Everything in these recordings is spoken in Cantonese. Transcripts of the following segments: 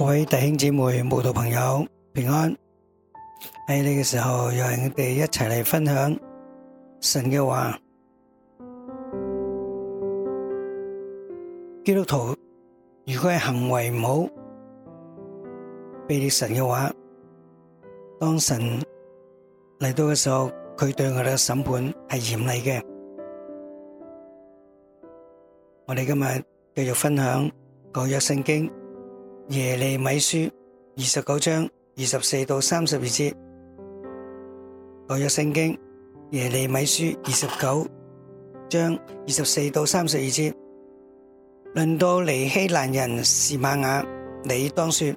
各位弟兄姊妹、慕道朋友平安！喺呢個時候，讓我哋一齊嚟分享神嘅話。基督徒如果係行為唔好，背離神嘅話，當神嚟到嘅時候，佢對我哋嘅審判係嚴厲嘅。我哋今日繼續分享舊約聖經。耶利米書二十九章二十四到三十二節，我約聖經耶利米書二十九章二十四到三十二節，論到尼希蘭人示瑪雅，你當說，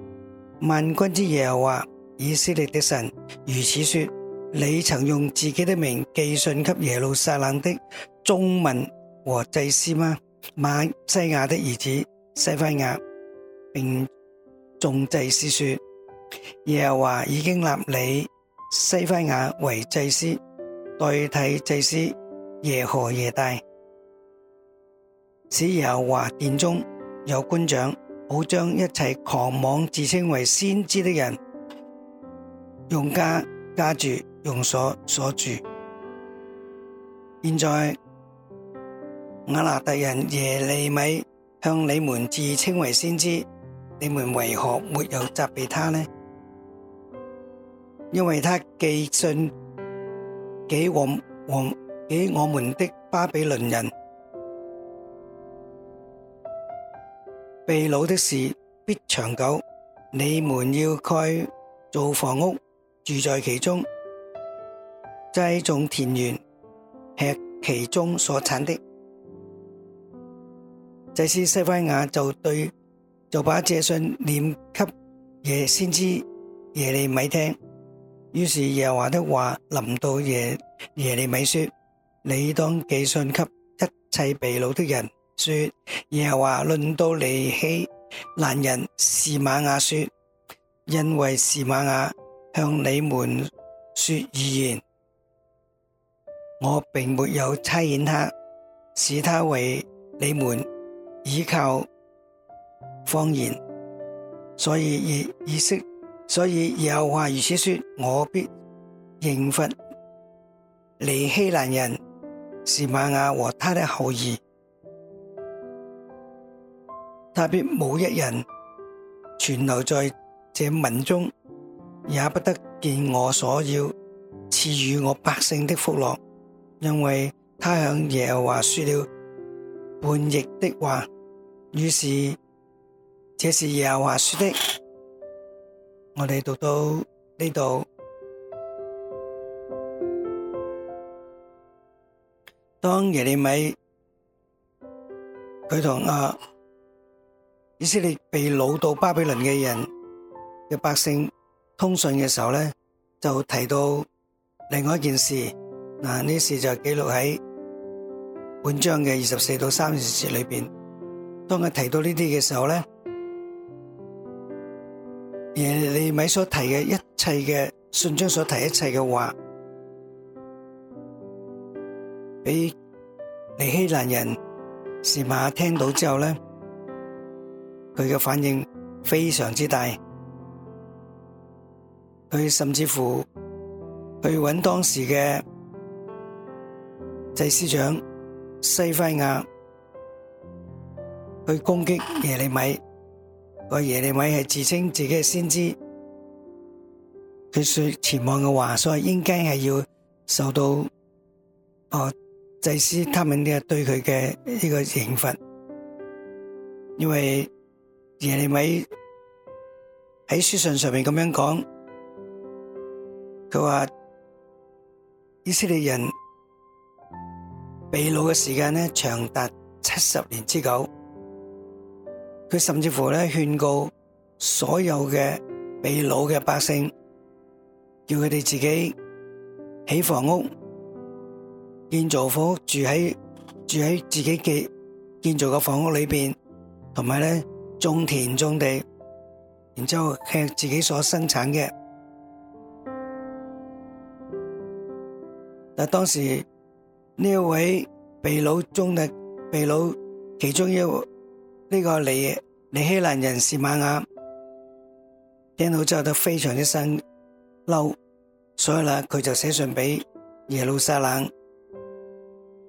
萬軍之耶和華以色列的神如此說：你曾用自己的名寄信給耶路撒冷的眾民和祭司嗎？瑪西雅的兒子西番雅，並眾祭司說：「耶和華已經立你西番雅為祭司，代替祭司耶何耶大。」使耶和華殿中有官長，好將一切狂妄自稱為先知的人，用枷枷住，用鎖鎖住。現在亞拿突人耶利米向你們自稱為先知。你們為何沒有責備他呢？因為他寄信給我，我給我們的巴比倫人，被擄的事必長久。你們要蓋造房屋，住在其中，栽種田園，吃其中所產的。這是西番雅就對。就把這信念給耶先知耶利米聽，於是耶華的話臨到耶耶利米說：你當寄信給一切被老的人說，耶華論到尼希蘭人示瑪雅說：因為示瑪雅向你們說預言，我並沒有差遣他，使他為你們倚靠。方言，所以以意識，所以耶和華如此說：我必懲罰尼希蘭人，示瑪雅和他的後裔，他必無一人存留在這民中，也不得見我所要賜予我百姓的福樂，因為他向耶和華說了叛逆的話。於是。這是耶和華說的。我哋讀到呢度，當耶利米佢同以色列被擄到巴比倫嘅人嘅百姓通訊嘅時候呢，就提到另外一件事。嗱，呢件事就記錄喺本章嘅二十四到三二節裏面，當佢提到呢啲嘅時候呢。耶利米所提嘅一切嘅信章所提一切嘅話，俾尼希蘭人士馬聽到之後咧，佢嘅反應非常之大，佢甚至乎去揾當時嘅祭司長西番雅去攻擊耶利米。個耶利米係自稱自己係先知，佢說前往嘅話，所以應該係要受到哦祭司他們對佢嘅呢個刑罰，因為耶利米喺書信上面咁樣講，佢話以色列人被擄嘅時間長達七十年之久。佢甚至乎咧勸告所有嘅被擄嘅百姓，叫佢哋自己起房屋、建造房屋，住喺住喺自己嘅建造嘅房屋裏邊，同埋咧種田種地，然之後吃自己所生產嘅。但係當時呢一位被擄中嘅被擄其中一位。呢、這個尼希蘭人士瑪雅聽到之後都非常之生嬲，所以呢，佢就寫信給耶路撒冷，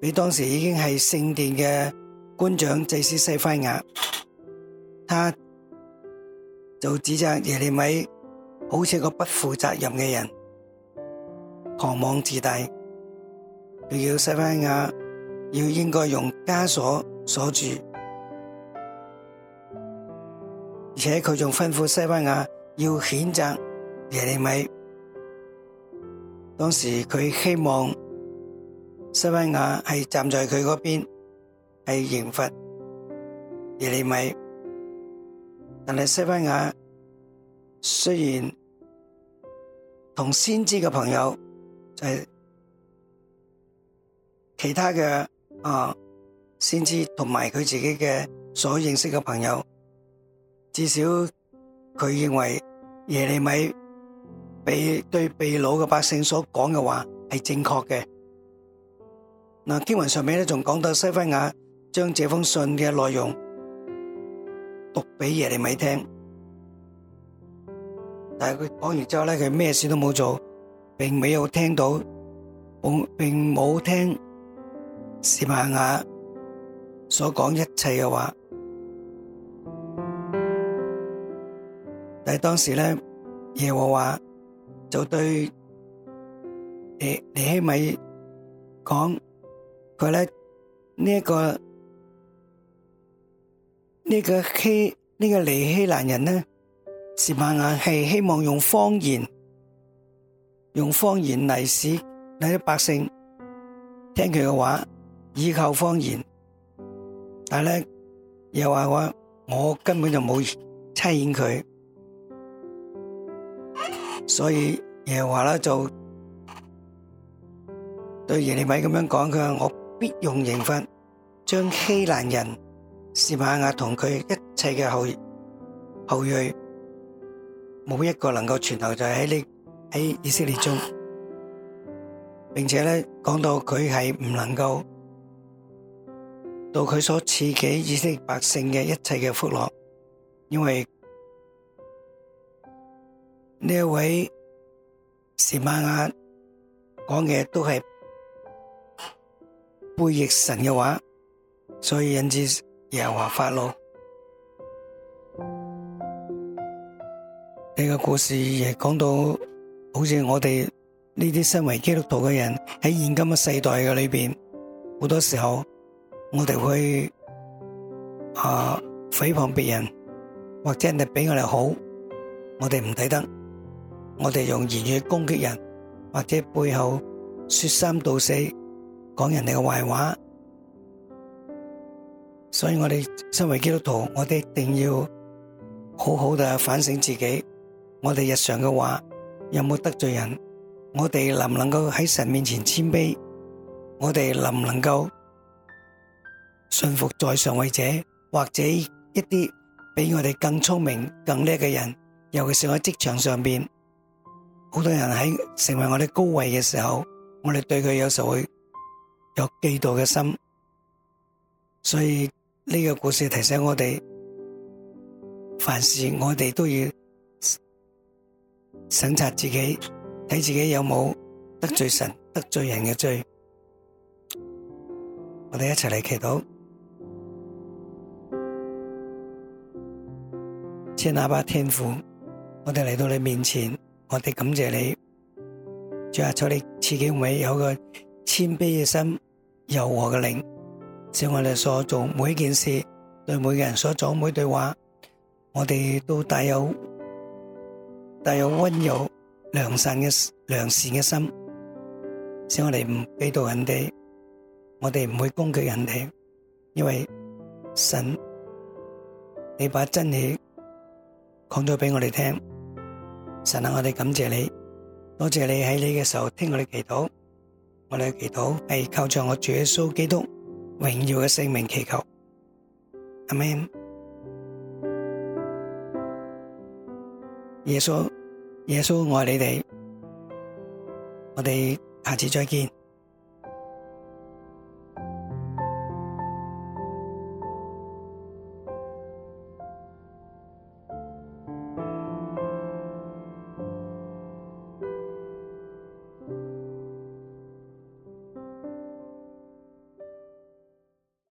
俾當時已經是聖殿嘅官長祭司西番雅，他就指責耶利米好似個不負責任嘅人，狂妄自大，佢叫西番雅要應該用枷鎖鎖住。而且佢仲吩咐西班牙要譴責耶利米，當時佢希望西班牙係站在佢嗰邊，係刑罰耶利米。但係西班牙雖然同先知嘅朋友，就係、是、其他嘅啊，先知同埋佢自己嘅所認識嘅朋友。至少佢認為耶利米對被擄嘅百姓所講嘅話係正確嘅。嗱，經文上面咧仲講到西番雅將這封信嘅內容讀俾耶利米聽，但係佢講完之後咧，佢咩事都冇做，並沒有聽到，並並冇聽示瑪雅所講一切嘅話。當時咧，耶和華就對尼希米講：佢咧呢一個呢、這個希呢、這個尼希蘭人呢，示瑪雅，係希望用謊言，用謊言嚟使那啲百姓聽佢嘅話，依靠謊言。但係咧又話我我根本就冇差遣佢。所以耶和華就對耶利米咁樣講，佢話我必用刑罰將希蘭人、示瑪雅同佢一切嘅後裔後裔，冇一個能夠存留在喺呢喺以色列中，並且呢講到佢係唔能夠到佢所賜給以色列百姓嘅一切嘅福樂，因為。呢一位士瑪亞講嘅都係背逆神嘅話，所以引致耶和華發怒。呢、這個故事亦講到，好似我哋呢啲身為基督徒嘅人喺現今嘅世代嘅裏面，好多時候我哋會啊、呃、誹謗別人，或者人哋比我哋好，我哋唔抵得。我哋用言語攻擊人，或者背後說三道四，講人哋嘅壞話。所以我哋身為基督徒，我哋一定要好好地反省自己。我哋日常嘅話有冇得罪人？我哋能唔能夠喺神面前謙卑？我哋能唔能夠信服在上位者，或者一啲比我哋更聰明、更叻嘅人？尤其是喺職場上邊。好多人喺成為我哋高位嘅時候，我哋對佢有時候會有嫉妒嘅心，所以呢個故事提醒我哋，凡事我哋都要省察自己，睇自己有冇得罪神、得罪人嘅罪。我哋一齊嚟祈禱，千阿爸天父，我哋嚟到你面前。我哋感謝你，主阿初，你賜給我哋有個謙卑嘅心、柔和嘅靈，使我哋所做每件事，對每個人所講每對話，我哋都帶有帶有溫柔良善嘅良善嘅心，使我哋唔俾到人哋，我哋唔會攻擊人哋，因為神你把真理講咗俾我哋聽。神啊，我哋感謝你，多謝你喺你嘅時候聽我哋祈禱，我哋嘅祈禱係靠着我主耶穌基督榮耀嘅聖名祈求，阿門。耶穌，耶穌，我愛你哋，我哋下次再見。